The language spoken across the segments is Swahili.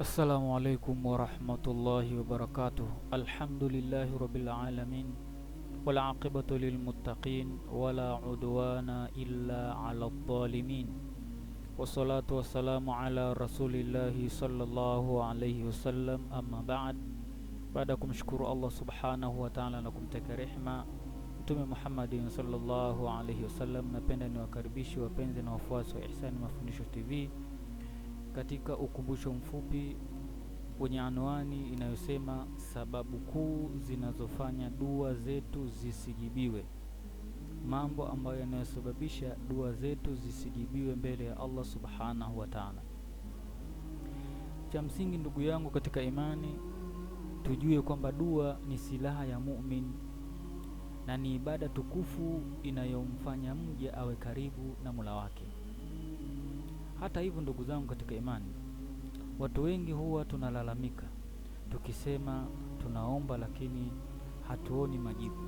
السلام عليكم ورحمة الله وبركاته الحمد لله رب العالمين والعاقبة للمتقين ولا عدوان إلا على الظالمين والصلاة والسلام على رسول الله صلى الله عليه وسلم أما بعد بعدكم شكر الله سبحانه وتعالى لكم تك رحمة متم محمد صلى الله عليه وسلم نبينا وكربيشي وبنزنا وفواس وإحسان مفنشو تي في katika ukumbusho mfupi wenye anwani inayosema sababu kuu zinazofanya dua zetu zisijibiwe, mambo ambayo yanayosababisha dua zetu zisijibiwe mbele ya Allah subhanahu wa ta'ala. Cha msingi ndugu yangu katika imani, tujue kwamba dua ni silaha ya mumin na ni ibada tukufu inayomfanya mja awe karibu na mula wake. Hata hivyo, ndugu zangu katika imani, watu wengi huwa tunalalamika tukisema tunaomba, lakini hatuoni majibu.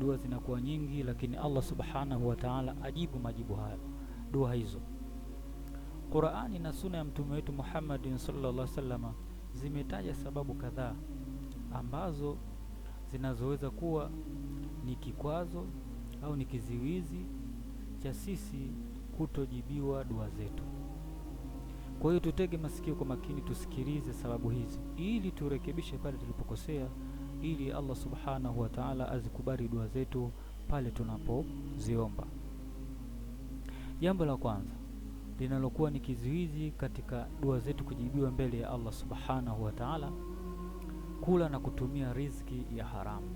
Dua zinakuwa nyingi, lakini Allah subhanahu wa ta'ala ajibu majibu hayo dua hizo. Qur'ani na Sunna ya mtume wetu Muhammadin sallallahu alaihi wasallam zimetaja sababu kadhaa ambazo zinazoweza kuwa ni kikwazo au ni kiziwizi cha sisi kutojibiwa dua zetu. Kwa hiyo tutege masikio kwa makini, tusikilize sababu hizi ili turekebishe pale tulipokosea, ili Allah subhanahu wa ta'ala azikubali dua zetu pale tunapoziomba. Jambo la kwanza linalokuwa ni kizuizi katika dua zetu kujibiwa mbele ya Allah subhanahu wa ta'ala, kula na kutumia riziki ya haramu.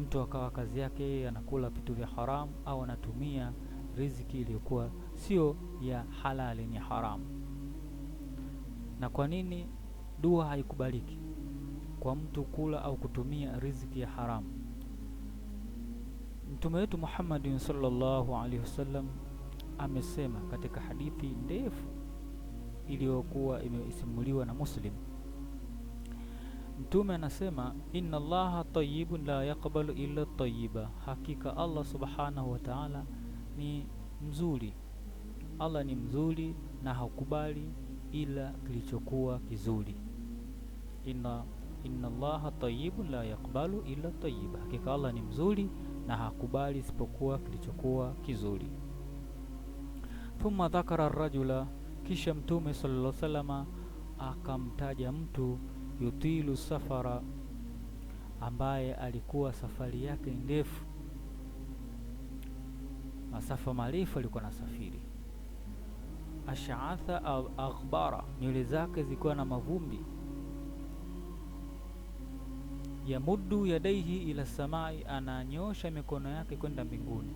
Mtu akawa kazi yake yeye anakula vitu vya haramu au anatumia riziki iliyokuwa sio ya halali ni haramu. Na kwa nini dua haikubaliki kwa mtu kula au kutumia riziki ya haramu? Mtume wetu Muhammad sallallahu alaihi wasallam amesema katika hadithi ndefu iliyokuwa imesimuliwa na Muslim. Mtume anasema inna Allaha tayyibun la yaqbalu illa tayyiba, hakika Allah subhanahu wa ta'ala ni mzuri. Allah ni mzuri na hakubali ila kilichokuwa kizuri. Inna inna Allaha tayyibun la yaqbalu illa tayyiba, hakika Allah ni mzuri na hakubali isipokuwa kilichokuwa kizuri. Thumma dhakara rajula, kisha Mtume sallallahu alaihi wasallam akamtaja mtu yutilu safara, ambaye alikuwa safari yake ndefu masafa marefu alikuwa anasafiri. Ashaatha aghbara, nywele zake zilikuwa na mavumbi. Yamuddu yadaihi ila samai, ananyosha mikono yake kwenda mbinguni.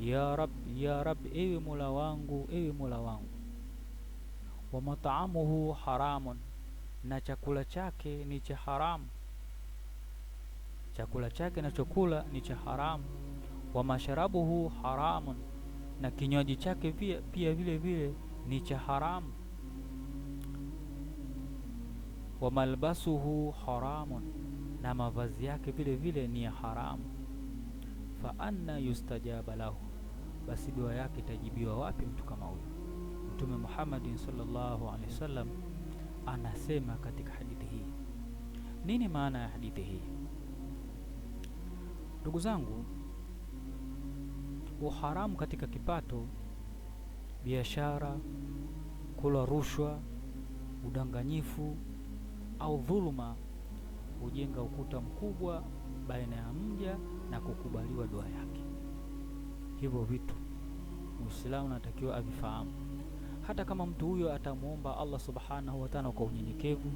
Ya rab ya rab, ewe mola wangu, ewe mola wangu. Wa mataamuhu haramun, na chakula chake ni cha haramu, chakula chake chakula ni cha haramu wa masharabuhu haramun, na kinywaji chake pia, pia vile vile ni cha haramu. Wa malbasuhu haramun, na mavazi yake vile vile ni ya haramu. Fa anna yustajaba lahu, basi dua yake itajibiwa wapi mtu kama huyo? Mtume Muhammadin sallallahu alaihi wasallam anasema katika hadithi hii. Nini maana ya hadithi hii, ndugu zangu? uharamu katika kipato, biashara, kula rushwa, udanganyifu au dhuluma hujenga ukuta mkubwa baina ya mja na kukubaliwa dua yake. Hivyo vitu Muislamu anatakiwa avifahamu, hata kama mtu huyo atamwomba Allah subhanahu wa ta'ala kwa unyenyekevu,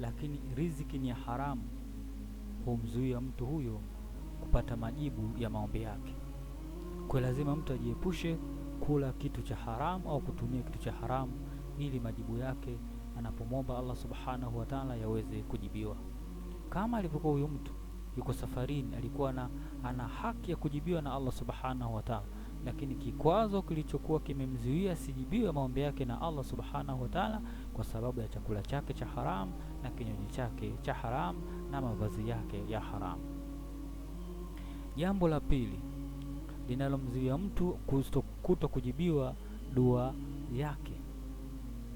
lakini riziki ni ya haramu humzuia mtu huyo kupata majibu ya maombi yake. Kwa lazima mtu ajiepushe kula kitu cha haramu au kutumia kitu cha haramu ili majibu yake anapomwomba Allah subhanahu wa ta'ala yaweze kujibiwa. Kama alivyokuwa huyu mtu yuko safarini, alikuwa na ana haki ya kujibiwa na Allah subhanahu wa ta'ala, lakini kikwazo kilichokuwa kimemzuia sijibiwe maombi yake na Allah subhanahu wa ta'ala kwa sababu ya chakula chake cha haramu na kinywaji chake cha haramu na mavazi yake ya haramu. Jambo la pili linalomzuia mtu kuto kujibiwa dua yake,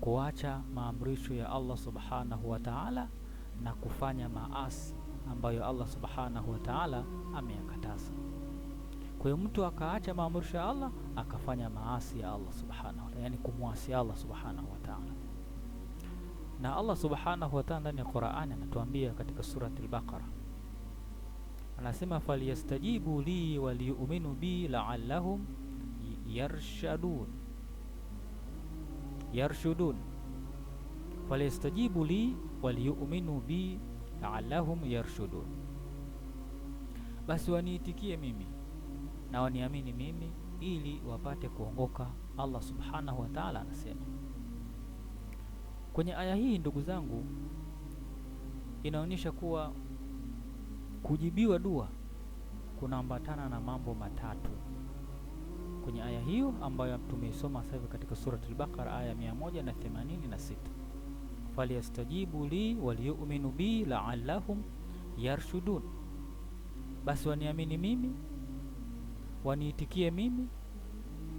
kuacha maamrisho ya Allah subhanahu wa ta'ala na kufanya maasi ambayo Allah subhanahu wa ta'ala ameyakataza. Kwa hiyo mtu akaacha maamrisho ya Allah akafanya maasi ya Allah subhanahu wa ta'ala, yani kumwasi Allah subhanahu wa ta'ala. Na Allah subhanahu wa ta'ala ndani ya Qur'ani anatuambia katika surati al-Baqara anasema falyastajibu li waliyuminu bi laallahum yarshadun yarshudun falyastajibu li waliyuminu bi laallahum yarshudun, basi waniitikie mimi na waniamini mimi ili wapate kuongoka. Allah subhanahu wa ta'ala anasema kwenye aya hii, ndugu zangu, inaonyesha kuwa Kujibiwa dua kunaambatana na mambo matatu kwenye aya hiyo ambayo tumeisoma sasa hivi katika al Baqara aya 186, falyastajibu li waliyuminu bi laallahum yarshudun, basi waniamini mimi, waniitikie mimi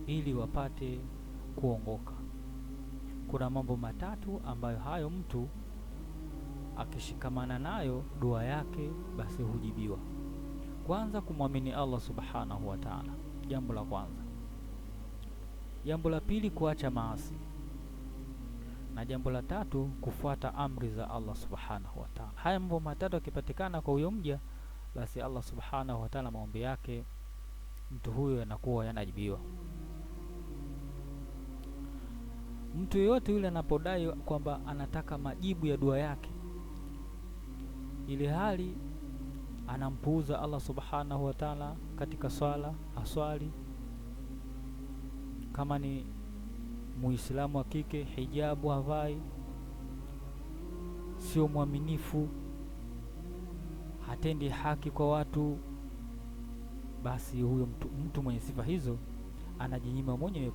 ili wapate kuongoka. Kuna mambo matatu ambayo hayo mtu akishikamana nayo dua yake basi hujibiwa. Kwanza kumwamini Allah subhanahu wa ta'ala, jambo la kwanza. Jambo la pili kuacha maasi, na jambo la tatu kufuata amri za Allah subhanahu wa ta'ala. Haya mambo matatu akipatikana kwa huyo mja, basi Allah subhanahu wa ta'ala maombi yake mtu huyo yanakuwa yanajibiwa. Mtu yeyote yule anapodai kwamba anataka majibu ya dua yake ili hali anampuuza Allah subhanahu wa ta'ala katika swala, aswali kama ni muislamu wa kike, hijabu havai, sio mwaminifu, hatendi haki kwa watu, basi huyo mtu, mtu mwenye sifa hizo anajinyima mwenyewe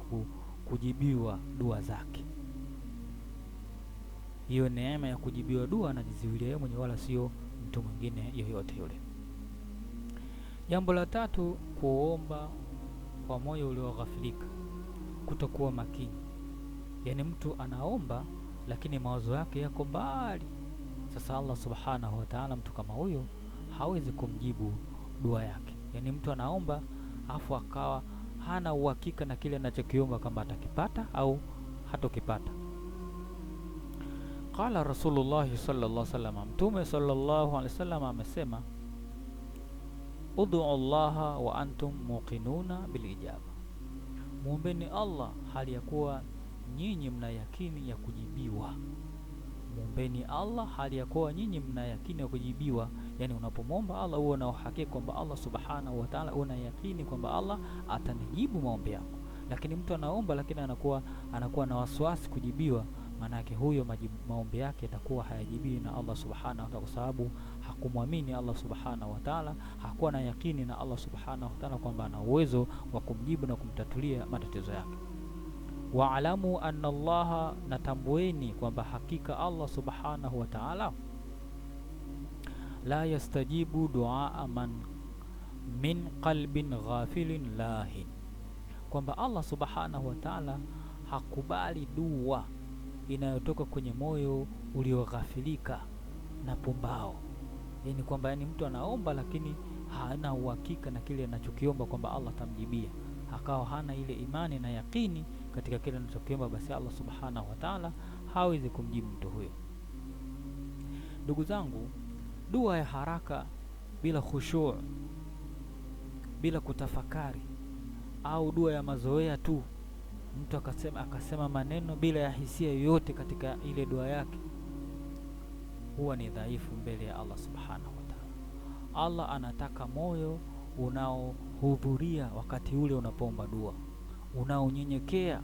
kujibiwa dua zake hiyo neema ya kujibiwa dua anajiziwilia yeye mwenyewe, wala sio mtu mwingine yoyote yule. Jambo la tatu, kuomba kwa moyo ulioghafilika, kutokuwa makini. Yaani mtu anaomba lakini mawazo yake yako mbali. Sasa Allah subhanahu wa ta'ala, mtu kama huyo hawezi kumjibu dua yake. Yaani mtu anaomba afu akawa hana uhakika na kile anachokiomba kama atakipata au hatokipata. Qala Rasulullahi sallallahu alaihi wasallam, Mtume sallallahu alaihi wasallam amesema, ud'u llaha wa antum muqinuna bil ijaba, Allah hali ya kuwa nyinyi mna yakini ya kujibiwa. mwombeni Allah hali ya kuwa nyinyi mna yakini ya kujibiwa. Yani, unapomwomba Allah huwa na uhakika kwamba Allah subhanahu wa ta'ala, una yakini kwamba Allah atanijibu maombi yako. Lakini mtu anaomba, lakini anakuwa anakuwa na wasiwasi kujibiwa yake huyo maombi yake yatakuwa hayajibiwi na Allah subhanahu wa taala, kwa sababu hakumwamini Allah subhanahu wa taala, hakuwa na yakini na Allah subhanahu wa taala kwamba ana uwezo wa kumjibu na kumtatulia matatizo yake. Waalamu anna Allaha, natambueni kwamba hakika Allah subhanahu wa taala la yastajibu duaa man min qalbin ghafilin lahin, kwamba Allah subhanahu wa taala hakubali dua inayotoka kwenye moyo ulioghafilika na pumbao. Yani kwamba yani mtu anaomba lakini hana uhakika na kile anachokiomba kwamba Allah atamjibia, akawa hana ile imani na yakini katika kile anachokiomba, basi Allah subhanahu wa ta'ala hawezi kumjibu mtu huyo. Ndugu zangu, dua ya haraka bila khushuu, bila kutafakari, au dua ya mazoea tu mtu akasema, akasema maneno bila ya hisia yoyote katika ile dua yake, huwa ni dhaifu mbele ya Allah subhanahu wa ta'ala. Allah anataka moyo unaohudhuria wakati ule unapoomba dua, unaonyenyekea,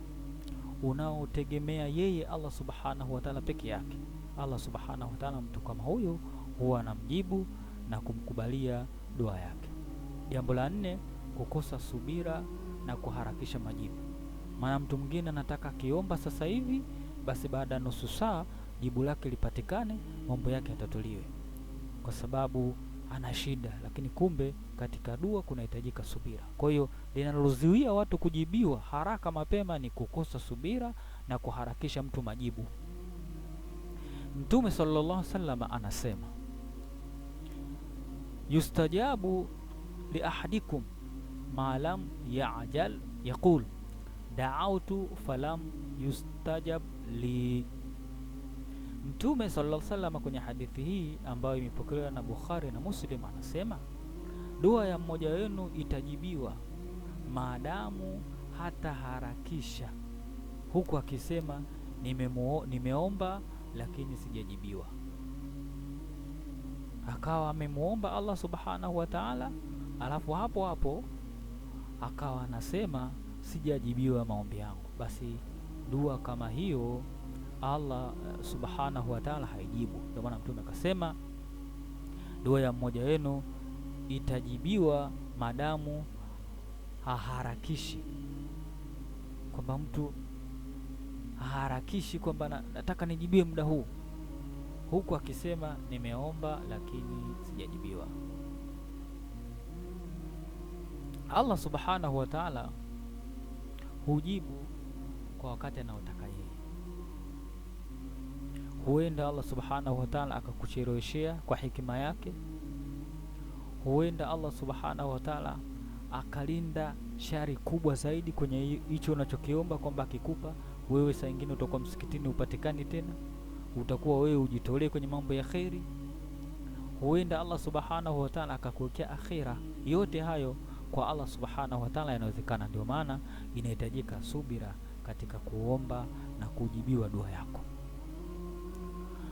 unaotegemea yeye Allah subhanahu wa ta'ala peke yake. Allah subhanahu wa ta'ala, mtu kama huyo huwa anamjibu na kumkubalia dua yake. Jambo la nne, kukosa subira na kuharakisha majibu maana mtu mwingine anataka akiomba sasa hivi, basi baada ya nusu saa jibu lake lipatikane, mambo yake yatatuliwe, kwa sababu ana shida, lakini kumbe katika dua kunahitajika subira. Kwa hiyo linalozuia watu kujibiwa haraka mapema ni kukosa subira na kuharakisha mtu majibu. Mtume sallallahu alaihi wasallam anasema yustajabu li ahadikum ma lam ya'jal yaqul daautu falam yustajab li. Mtume sallallahu alaihi wasallam kwenye hadithi hii ambayo imepokelewa na Bukhari na Muslim anasema dua ya mmoja wenu itajibiwa maadamu hataharakisha, huku akisema nimemuo, nimeomba lakini sijajibiwa. Akawa amemwomba Allah subhanahu wa ta'ala, alafu hapo hapo akawa anasema sijajibiwa maombi yangu, basi dua kama hiyo Allah eh, subhanahu wa ta'ala haijibu. Ndio maana Mtume akasema dua ya mmoja wenu itajibiwa madamu haharakishi, kwamba mtu haharakishi kwamba nataka nijibiwe muda huu, huku akisema nimeomba lakini sijajibiwa. Allah subhanahu wa ta'ala hujibu kwa wakati anaotaka yeye. Huenda Allah subhanahu wa ta'ala akakucheleweshea kwa hikima yake. Huenda Allah subhanahu wa ta'ala akalinda shari kubwa zaidi kwenye hicho unachokiomba kwamba akikupa wewe, saa ingine utakuwa msikitini, upatikani tena, utakuwa wewe ujitolee kwenye mambo ya kheri. Huenda Allah subhanahu wa ta'ala akakuwekea akhira. Yote hayo kwa Allah subhanahu wa ta'ala yanawezekana. Ndio maana inahitajika subira katika kuomba na kujibiwa dua yako.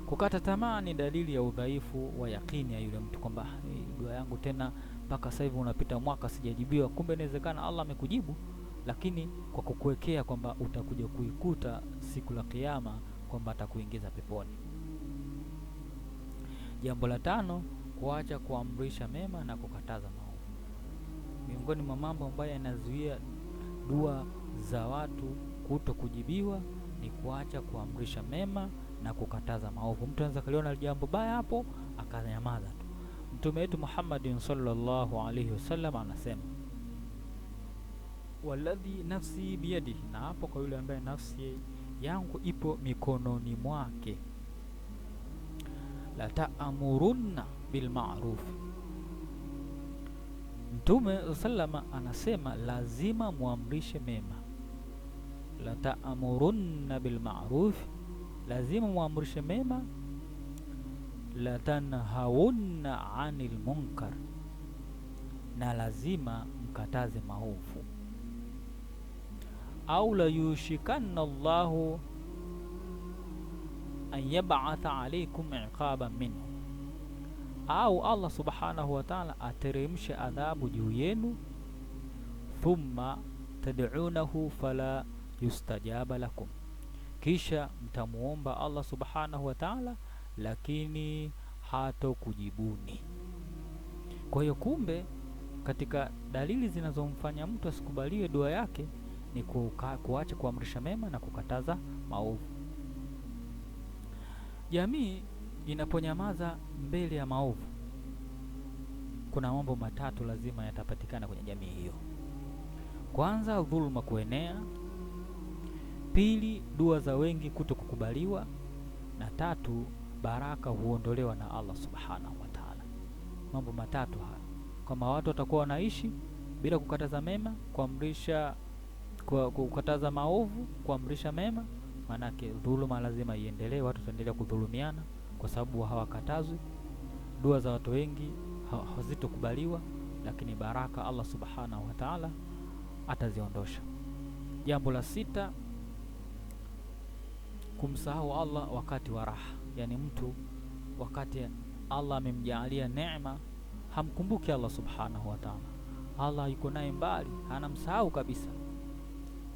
Kukata tamaa ni dalili ya udhaifu wa yakini ya yule mtu, kwamba dua yangu tena mpaka sasa hivi unapita mwaka sijajibiwa. Kumbe inawezekana Allah amekujibu, lakini kwa kukuwekea kwamba utakuja kuikuta siku la Kiyama kwamba atakuingiza peponi. Jambo la tano, kuacha kuamrisha mema na kukataza maovu miongoni mwa mambo ambayo yanazuia dua za watu kuto kujibiwa ni kuacha kuamrisha mema na kukataza maovu. Mtu anaweza kaliona jambo baya hapo akanyamaza tu. Mtume wetu Muhammadin sallallahu alaihi wasallam anasema waladhi nafsi biyadihi, na hapo kwa yule ambaye nafsi yangu ipo mikononi mwake, la taamurunna bil ma'ruf Mtume salama anasema lazima muamrishe mema, la ta'murunna bil ma'ruf, lazima muamrishe mema, la tanhauna anil munkar, na lazima mkataze maovu. Au la yushikanna Allahu an yab'atha alaykum iqaban minhu au Allah subhanahu wa ta'ala ateremshe adhabu juu yenu, thumma tad'unahu fala yustajaba lakum, kisha mtamuomba Allah subhanahu wa ta'ala lakini hato kujibuni. Kwa hiyo kumbe, katika dalili zinazomfanya mtu asikubaliwe dua yake ni kuka, kuacha kuamrisha mema na kukataza maovu. Jamii Inaponyamaza mbele ya maovu, kuna mambo matatu lazima yatapatikana kwenye jamii hiyo. Kwanza, dhuluma kuenea; pili, dua za wengi kuto kukubaliwa; na tatu, baraka huondolewa na Allah subhanahu wa ta'ala. Mambo matatu haya, kama watu watakuwa wanaishi bila kukataza mema, kuamrisha kwa kukataza maovu, kuamrisha mema, maanake dhuluma lazima iendelee, watu wataendelea kudhulumiana kwa sababu hawakatazwi. Dua za watu wengi hazitokubaliwa, lakini baraka Allah subhanahu wa ta'ala ataziondosha. Jambo la sita, kumsahau Allah wakati wa raha, yani mtu wakati Allah amemjaalia neema hamkumbuki Allah subhanahu wa ta'ala, Allah yuko naye mbali, anamsahau kabisa.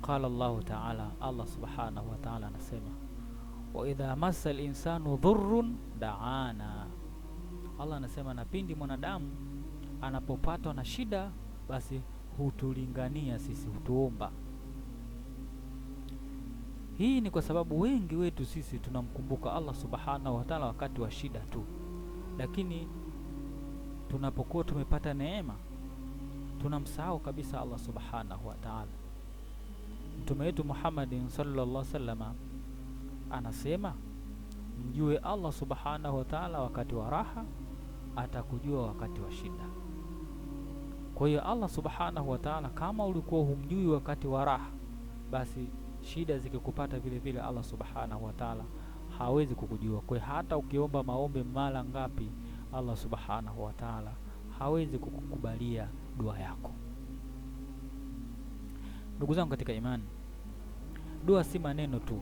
Qala Allahu ta'ala, Allah subhanahu wa ta'ala anasema wa idha massa linsanu dhurrun daana, Allah anasema na pindi mwanadamu anapopatwa na shida, basi hutulingania sisi, hutuomba. Hii ni kwa sababu wengi wetu sisi tunamkumbuka Allah subhanahu wa taala wakati wa shida tu, lakini tunapokuwa tumepata neema tunamsahau kabisa Allah subhanahu wa taala. Mtume wetu Muhammadin sallallahu alaihi wasallam anasema mjue Allah subhanahu wa ta'ala wakati wa raha, atakujua wakati wa shida. Kwa hiyo Allah subhanahu wa ta'ala, kama ulikuwa humjui wakati wa raha, basi shida zikikupata vile vile Allah subhanahu wa ta'ala hawezi kukujua. Kwa hiyo hata ukiomba maombi mara ngapi, Allah subhanahu wa ta'ala hawezi kukukubalia dua yako. Ndugu zangu katika imani, dua si maneno tu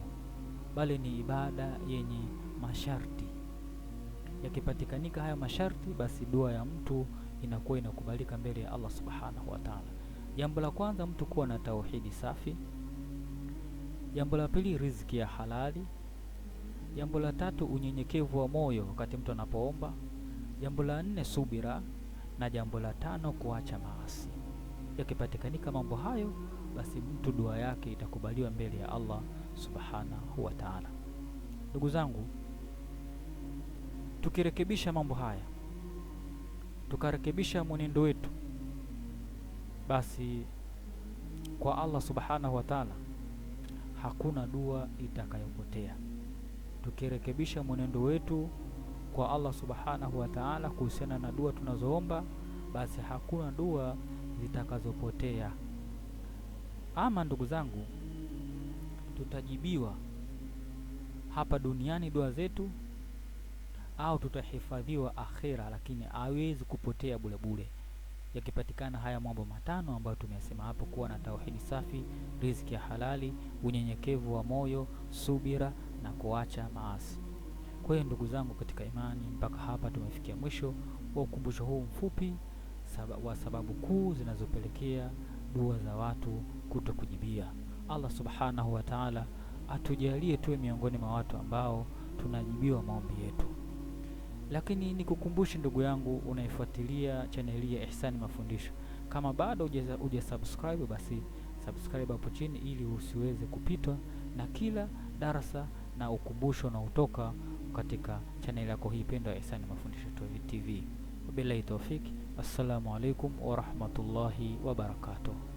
bali ni ibada yenye masharti. Yakipatikanika haya masharti, basi dua ya mtu inakuwa inakubalika mbele ya Allah subhanahu wa ta'ala. Jambo la kwanza, mtu kuwa na tauhidi safi. Jambo la pili, riziki ya halali. Jambo la tatu, unyenyekevu wa moyo wakati mtu anapoomba. Jambo la nne, subira, na jambo la tano, kuacha maasi. Yakipatikanika mambo hayo, basi mtu dua yake itakubaliwa mbele ya Allah subhanahu wa taala. Ndugu zangu, tukirekebisha mambo haya, tukarekebisha mwenendo wetu, basi kwa Allah subhanahu wa taala hakuna dua itakayopotea. Tukirekebisha mwenendo wetu kwa Allah subhanahu wa taala kuhusiana na dua tunazoomba, basi hakuna dua zitakazopotea. Ama ndugu zangu tutajibiwa hapa duniani dua zetu au tutahifadhiwa akhira, lakini hawezi kupotea bure bure. Yakipatikana haya mambo matano ambayo tumeyasema hapo, kuwa na tauhidi safi, riziki ya halali, unyenyekevu wa moyo, subira na kuacha maasi. Kwa hiyo ndugu zangu katika imani, mpaka hapa tumefikia mwisho wa ukumbusho huu mfupi wa sababu kuu zinazopelekea dua za watu kuto kujibia. Allah subhanahu wa taala atujalie tuwe miongoni mwa watu ambao tunajibiwa maombi yetu. Lakini nikukumbushe ndugu yangu unaifuatilia chaneli ya Ihsani Mafundisho, kama bado hujasubscribe basi subscribe hapo chini, ili usiweze kupitwa na kila darasa na ukumbusho unaotoka katika chaneli yako hii pendwa ya Ihsani Mafundisho TV. Wabillahi taufiki, assalamu alaikum warahmatullahi wabarakatuh.